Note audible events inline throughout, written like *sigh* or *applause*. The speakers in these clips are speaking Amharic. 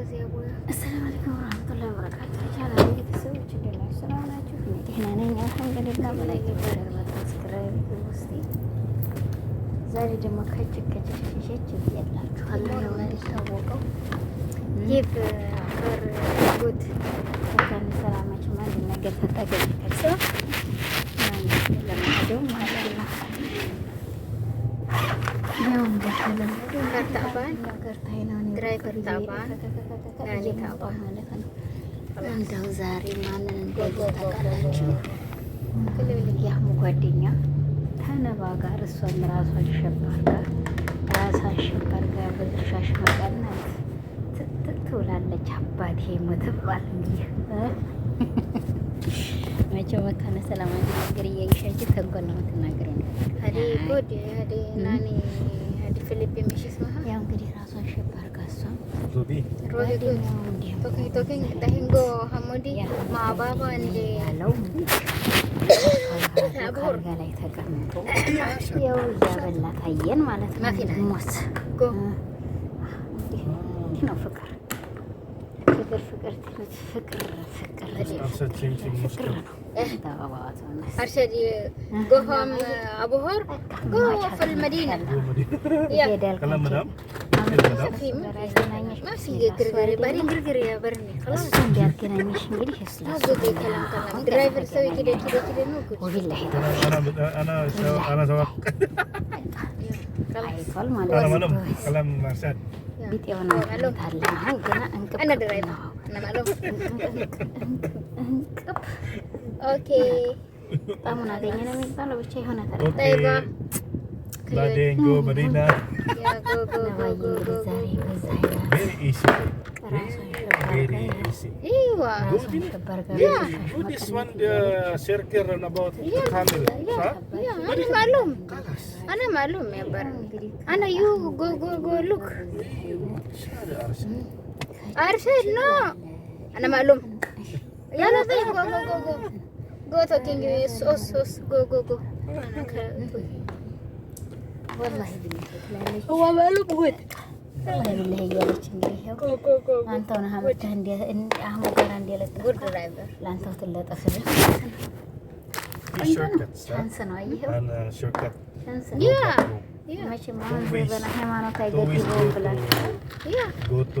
አሰላም አለይኩም ወራህመቱላሂ ወበረካቱ። ቻላ ቤተሰቦች እንደምን ሰላማችሁ? ደህና ነኝ አልሐምዱሊላህ። በላይ ይባላል ሰብስክራይብ ዛሬ ደግሞ ከች ከች ሸሸች እያላችኋለሁ። እንደሚታወቀው ይህ በአፈር ጉድ ሰላማችሁ አንድ ነገር ተጠገኝከል ሲሆን እንደው ዛሬ ማንን እንደው ታውቃላችሁ? የአህሙ ጓደኛ ተነባ ጋር እሷም ራሷን ሸባር ጋር ራሷን ሸባር ጋር በድርሻሽ መቀነት ትትት አባቴ የምትባል እንዲህ መቼም መካነ ሰላም ነገር እያየሻችሁ ተንኮል ነው የምትናገረው ነው ያው እንግዲህ ራሷን ሸብ አድርጋ እሷ ያለው አልጋ *coughs* ላይ ተቀምጦ ያው እያበላ ታየን ማለት ነው። أرشد قهم أبو هور قوة في المدينة ما في قرقري بارين قرقري يا برني خلاص كلام كلام درايفر سوي كده كده كده نوكل وبالله انا انا انا سواق كلام كلام ارشاد بيتي وانا انا درايفر nama lu oke tamu nanti nami palo cai hona tara okay. taiba ladeng go marina ya go go go go go very easy very easy iwa good yeah good this one the circle and about yeah. kamil yeah. yeah. ana malum ana malum ya bar ana you go go go look Arshad no Ana maalum. yana na go Go, go, go, go. Go talking sauce, sauce. Go, go, go. ወላሂ ብለህ ትላለች። ወላሂ ብለህ እያለች እንግዲህ ይኸው አንተው ነህ አመጣህ አህመድ ጋር እንዲለጥፍ ለአንተው ትለጠፍልህ አንተ ነው አየኸው Christians. Yeah. Yeah. Always always go to, yeah. go to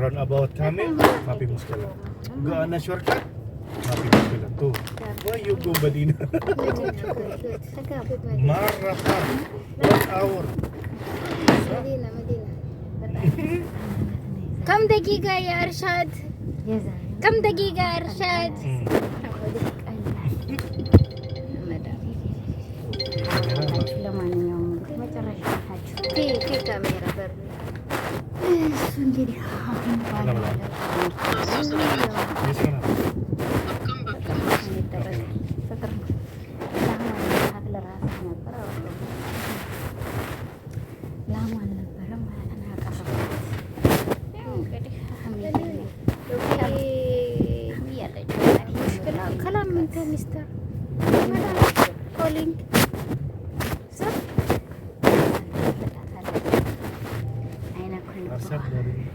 roundabout kami, mapi mo sila. Go on shortcut, mapi mo sila to. Why you go ba din? Marathon, one hour. Medina, Medina. *laughs* Come the giga, Arshad. Yes, Come the giga, Arshad. Mm. Gracias.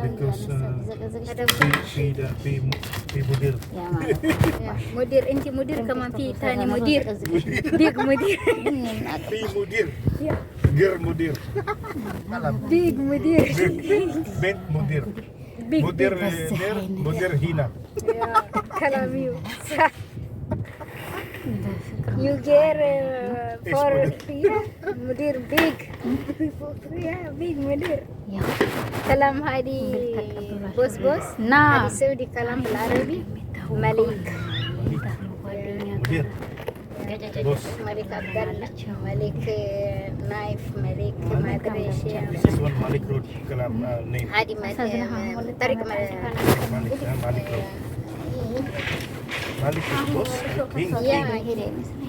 because uh, she, the pay, pay mudir. Yeah, mudir, inti mudir kaman pita ni mudir. Big mudir. Pay mudir. Gir mudir. Big mudir. Bet mudir. Big mudir, mudir hina. Yeah, view. you get uh, for *laughs* yeah, mudir big yeah big mudir yeah. kalam hadi bos bos nah hadi di kalam bil Arabi iya. ya, ya, ya, malik Malik uh, Malik. Malik الله Malik نايف uh, Malik ما uh, Malik ايش Malik رود Malik نيم Malik طريق Malik ملك Malik ملك Malik yeah, Malik did.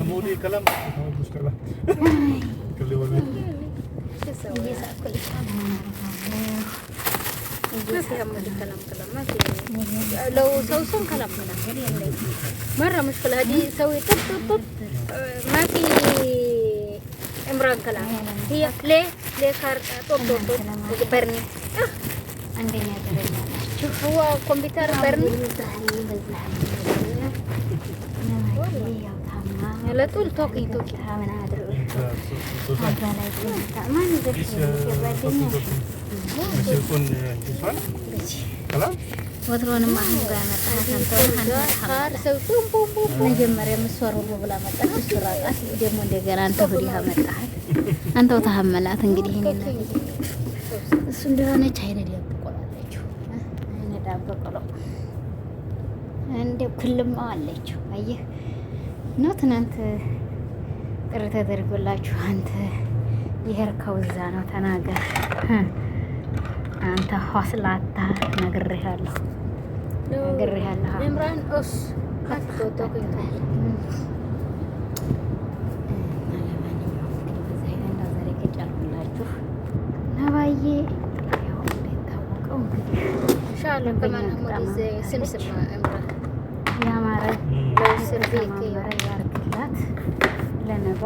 حمودي كلام مش كلام كلي ولا لو سوسن كلام كلام مرة مشكلة هذه سوي طب طب طب ما في عمران كلام هي ليه ليه صار طب طب طب برني عندنا هو كمبيوتر برني ለጡል ቶኪ ቶኪ ሀምን አድር አንተው ተሀመላት እንግዲህ እሱ እንደሆነች አይነ አይነ እንደ አየህ እና ትናንት ጥሪ ተደርጎላችሁ አንተ የሄርከው እዛ ነው ተናገር፣ አንተ ሆስላታ ነግሬሃለሁ፣ ነግሬሃለሁ ኢምራን ኦስ ነባዬ ያው እንደታወቀው እንግዲህ ያማረ የተሰማመረ ያርግላት። ለነባ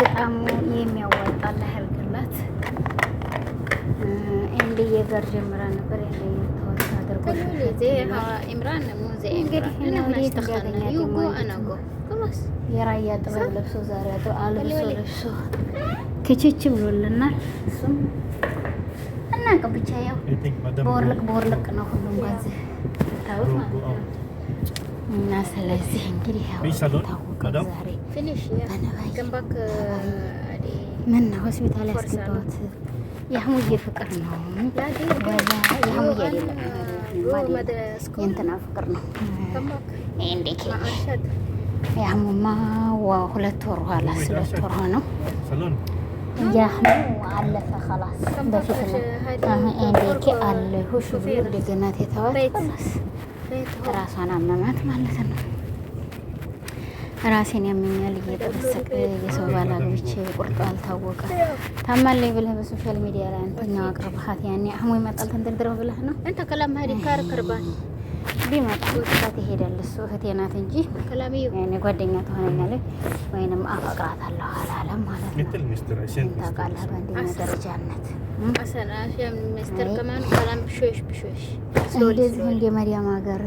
በጣም የሚያዋጣ ያርግላት። እንድዬ ጋር ጀምራ ነበር ያለኝ ተወሰነ አድርጎ እንግዲህ የራያ ጥበብ ለብሶ ዛሬ አልብሶ ለብሶ ክችች ብሎልናል። እሱም እናንቅ ብቻ ያው በወርልቅ በወርልቅ ነው ሁሉም ጋዜ እንደምታዩት ማለት ነው። እና ስለዚህ እንግዲህ ያው ታወቀው ዛሬ ምን ነው ሆስፒታል ያስገባት የአህሙዬ ፍቅር ነው፣ የአህሙዬ አይደለም የእንትና ፍቅር ነው። እንዴ የአህሙማ ሁለት ወር ኋላ ሁለት ወር ሆነው ያህሙ አለፈ ከላስ በፊት ነው። እንዴ አለሁሽ ብሎ እንደገና የተዋት ከላስ ራሷን አመማት ማለት ነው። ራሴን ያመኛል እየተመሰቀ የሰው ባል ቁርጦ አልታወቀ ታማለይ ብለህ በሶሻል ሚዲያ ላይ አንተኛው አቅርብሃት ያኔ አህሙ ይመጣል ተንደርድረው ብለህ ነው እንተ ከላም ሀዲ ካር ቢመጣ ጥቃት ይሄዳል። እሱ እህቴ ናት እንጂ ያኔ ጓደኛ ትሆነኛለች ወይንም አፈቅራታለሁ አላለም ማለት ነው። ታውቃለህ በአንደኛ ደረጃነት እንደዚህ እንደ መዲያም ሀገር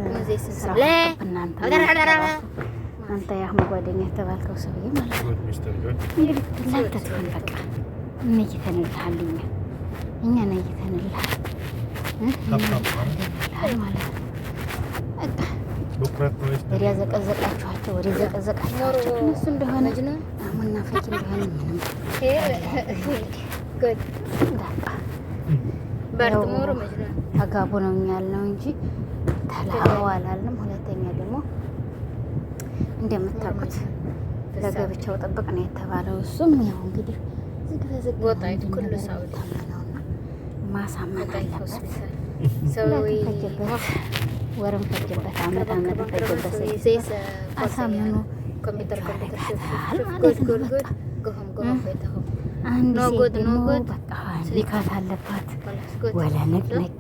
አንተ የአህሙ ጓደኛ የተባልከው ሰውዬ ማለት ነው። እንግዲህ ትሆን በቃ እነይተንልሃል እኛ እኛ ነይተንልሃል ማለት ነው። ወዲያ ዘቀዘቃችኋቸው ወዲያ ዘቀዘቃችኋቸው እነሱ እንደሆነ አህሙና ፈቂ እንደሆነ ምንም አጋቡ ነው እኛል ነው እንጂ ተላው አላልንም። ሁለተኛ ደግሞ እንደምታውቁት ለገብቻው ጥብቅ ነው የተባለው። እሱም ያው እንግዲህ ወርም ፈጀበት፣ አመት አመት ፈጀበት። አሳምኑ አንድ ሴት ደግሞ በቃ ሊካት አለባት ወላ ንቅንቅ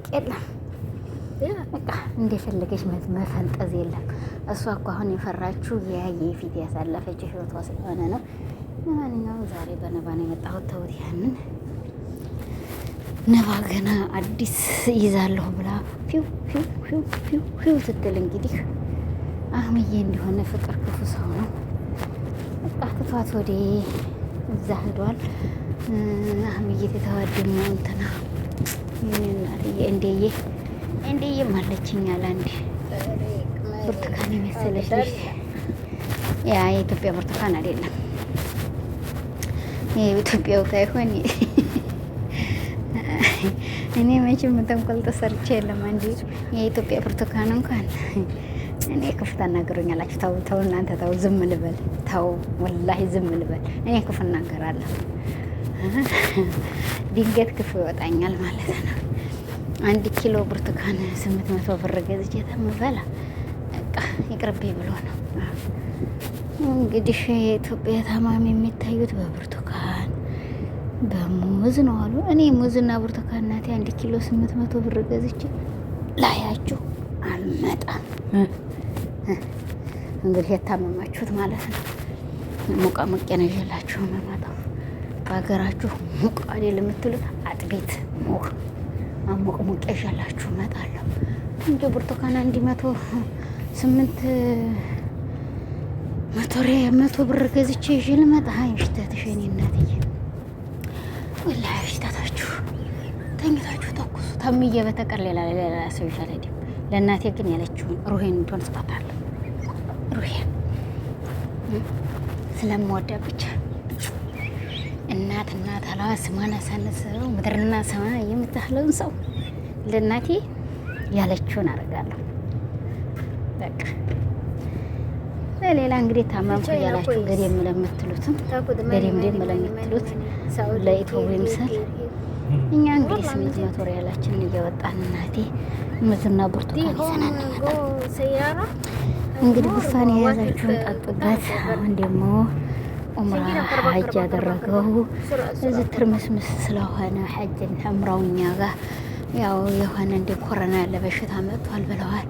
የለም። በቃ እንደፈለገች መፈንጠዝ የለም። እሷ እኮ አሁን የፈራችሁ የያየ የፊት ያሳለፈችው ህይወቷ ስለሆነ ነው። ለማንኛውም ዛሬ በነባ ነው የመጣሁት። ተውት ያንን ነባ ገና አዲስ ይዛለሁ ብላ ፊው ስትል እንግዲህ አህምዬ እንደሆነ ፍቅር ክፉ ሰው ነው። በቃ ትቷት ወደ እዛ ሂዷል። አህምዬ ተተዋደኛ እንትና እናትዬ እንደዬ እንደዬ ማለችኛል። አንድ ብርቱካን የመሰለች ልጅ ያ የኢትዮጵያ ብርቱካን አይደለም የኢትዮጵያው ሳይሆን እኔ መቼም ተንኮል ተሰርቼ የለም። አንድ የኢትዮጵያ ብርቱካን እንኳን እኔ ክፉ ታናገሩኛላችሁ። ተው ተው፣ እናንተ ተው፣ ዝም ልበል። ተው ወላሂ ዝም ልበል። እኔ ክፉ እናገራለሁ። *laughs* ድንገት ክፉ ይወጣኛል ማለት ነው። አንድ ኪሎ ብርቱካን ስምንት መቶ ብር ገዝቼ ተምበላ በቃ ይቅርቤ ብሎ ነው እንግዲህ የኢትዮጵያ ታማሚ የሚታዩት በብርቱካን በሙዝ ነው አሉ። እኔ ሙዝና ብርቱካን ናቴ አንድ ኪሎ ስምንት መቶ ብር ገዝቼ ላያችሁ አልመጣም። እንግዲህ የታመማችሁት ማለት ነው። ሙቃ ሙቄ ነው ይዤላችሁ መመጣው ሀገራችሁ ሙቅ አይደል የምትሉ አጥቢት ሙቅ አሞቅ ሙቅ ይዣላችሁ እመጣለሁ እንጂ ብርቱካን አንድ መቶ ስምንት መቶ ሬ መቶ ብር ገዝቼ ይዤ ልመጣ ሽተትሽ የእኔ እናትዬ ወላሂ ሽተታችሁ ተኝታችሁ ተኩሱ ተምዬ በተቀር ሌላ ሌላ ሰው ይዤ አልሄድም። ለእናቴ ግን ያለችውን ሩሄን እንድሆን ስጣታለሁ ሩሄን ስለምወዳ ብቻ እናትና እናት አለዋ ስሟን አሳነሰው ምድርና ሰማይ የምታህለውን ሰው ለእናቴ ያለችውን አደርጋለሁ። በቃ ለሌላ እንግዲህ ታመምኩ እያላችሁ ገደም ለምትሉትም ገደም ደም ለምትሉት ለኢትዮጵያ ይምሰል። እኛ እንግዲህ ስምንት መቶ ሪያላችንን እያወጣን እናቴ ሙዝና ብርቱካን ይዘን እንመጣለን። እንግዲህ ውሳኔ የያዛችሁን ጠጡበት። አሁን ደግሞ ኡምራ ሀጅ ያደረገው እዚህ ትርምስምስ ስለሆነ ሀጅን እምራው እኛ ጋር ያው የሆነ እንደ ኮረና ያለ በሽታ መጥቷል ብለዋል።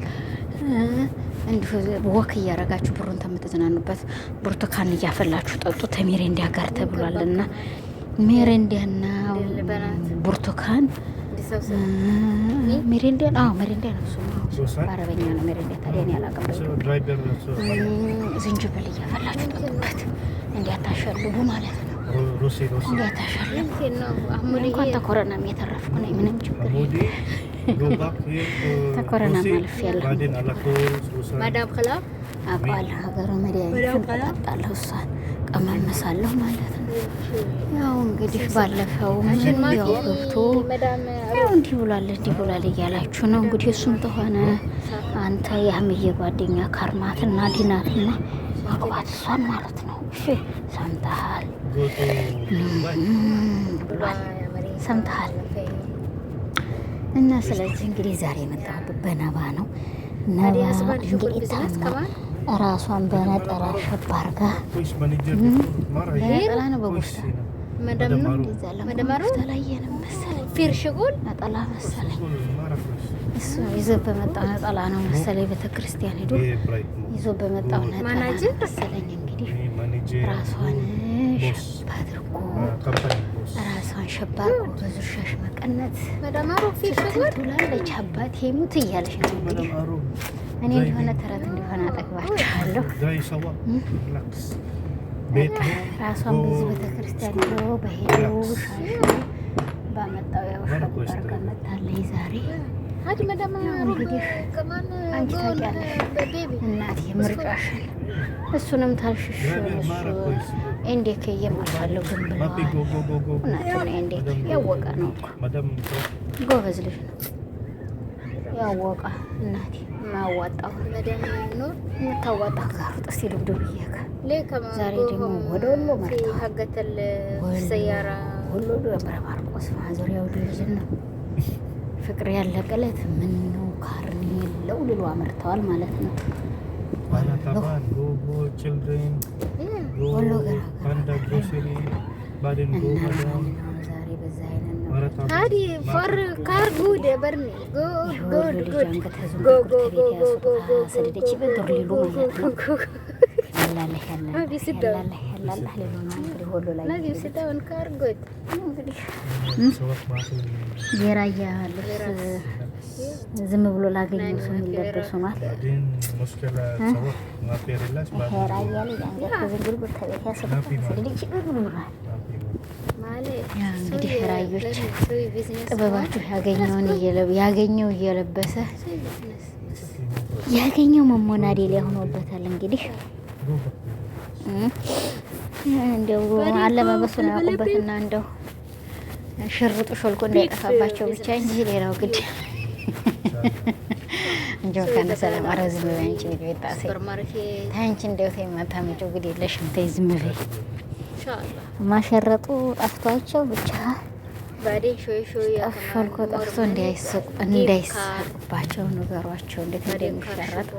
እንዲሁ ወክ እያደረጋችሁ ብሩን ተምትዝናኑበት ብርቱካን እያፈላችሁ ጠጡ ተሜሬንዳ ጋር ተብሏልና ሜሬንዳና ብርቱካን ሜሬንዳ አዎ ሜሬንዳ ነው እሱ ነው ሜሬንዳ ታዲያ እኔ አላውቅም ስለሚፈልጉ ማለት ነው። እንኳን ተኮረናም የተረፍኩ ነኝ። ምንም ችግር ተኮረናም አልፍ ያለሁ ሀገሩ መድኃኒት እሷን ቀመመሳለሁ ማለት ነው። ያው እንግዲህ ባለፈው ያው ገብቶ ያው እንዲህ ብሏል እንዲህ ብሏል እያላችሁ ነው እንግዲህ እሱም ተሆነ አንተ የአህምዬ ጓደኛ ካርማትና ዲናትና ማግባት እሷን ማለት ነው። እሺ ሰምተሃል ብሏል። ሰምተሃል እና ስለዚህ እንግዲህ ዛሬ የመጣሁበት በነባ ነው። ነባ እንግዲህ ታማ ራሷን በነጠላ ሸባርጋ ነጠላ ነው በጎሽታ ተለየንም መሰለኝ ነጠላ መሰለኝ እሱ ይዞ በመጣው ነጠላ ነው መሰለኝ ቤተ ክርስቲያን ሄዶ ይዞ በመጣው ነጠላ መሰለኝ እንግዲህ ራሷን ሸባ አድርጎ ራሷን ሸባ አድርጎ ብዙ ሻሽ መቀነት ትላለች። አባት ሙት እያለች ነው እንግዲህ እኔ እንዲሆነ ተረት እንዲሆነ አጠግባችኋለሁ። ራሷን በዚህ ቤተ ክርስቲያን ሄዶ በሄደው ሻሽ ባመጣው ያው ሸባ አድርጋ መጣለች ዛሬ እንግዲህ አንቺ እናቴ ምርጫሽን። እሱንም ታልሽሽ እንዴት ግን እንዴት ያወቀ ነው እኮ ጎበዝ ልጅ ነው ያወቀ እናቴ ዛሬ ደግሞ ወደ ወሎ መርታ ወሎ ደብረ ማርቆስ ማዞሪያው ነው ፍቅር ያለቀለት ምን ነው ካርን የለው ልሎ አምርተዋል ማለት ነው። ወሎ ገራገራ እንግዲህ የራያ ልብስ ዝም ብሎ ላገኘው ሰው የሚለበሱ ማለት እንግዲህ ራዮች ጥበባችሁ ያገኘውን ያገኘው እየለበሰ ያገኘው መሞናዴል ያሆኖበታል። እንግዲህ እንደው አለባበሱን ያውቁበትና እንደው ሽርጡ ሾልኮ እንዳይጠፋባቸው ብቻ እንጂ ሌላው ግድ እንጆ ከነ ሰላም ኧረ ዝም በይ አንቺ ልጅ ቤት ጣሴ ታንቺ እንደው ተይ ማታ ግድ የለሽም ተይ ዝም በይ ማሸረጡ ጠፍቷቸው ብቻ ሾልኮ ጠፍቶ እንዳይስቁባቸው ንገሯቸው። እንዴት እንደሚሸረጥ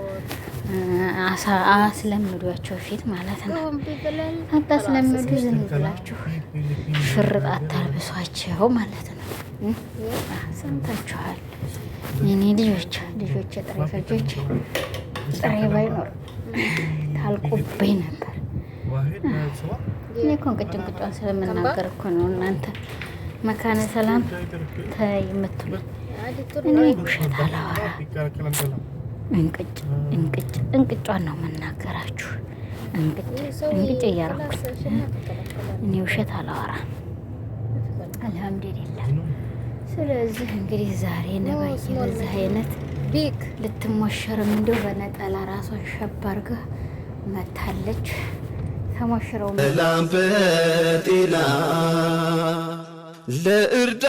አስለምዷቸው፣ ፊት ማለት ነው አታስለምዱ። ዝም ብላችሁ ሽርጥ አታልብሷቸው ማለት ነው። ሰምታችኋል። እኔ ልጆች ልጆች ጥሬ ፈጆች ጥሬ ባይኖር ታልቁብኝ ነበር። እኔ እኮ እንቅጭ እንቅጫን ስለምናገር እኮ ነው እናንተ መካነ ሰላም ተይ የምትሉ እኔ ውሸት አላወራ እንቅጭ እንቅጭ እንቅጫን ነው የምናገራችሁ። እንቅጭ እንቅጭ እኔ ውሸት አላወራ ስለዚህ እንግዲህ ዛሬ በዚህ አይነት ቢክ ልትሞሸርም እንዲሁ በነጠላ ራሷን ሸብ አርጋ መታለች። ተሞሽረው ላምበጤላ ለእርዳ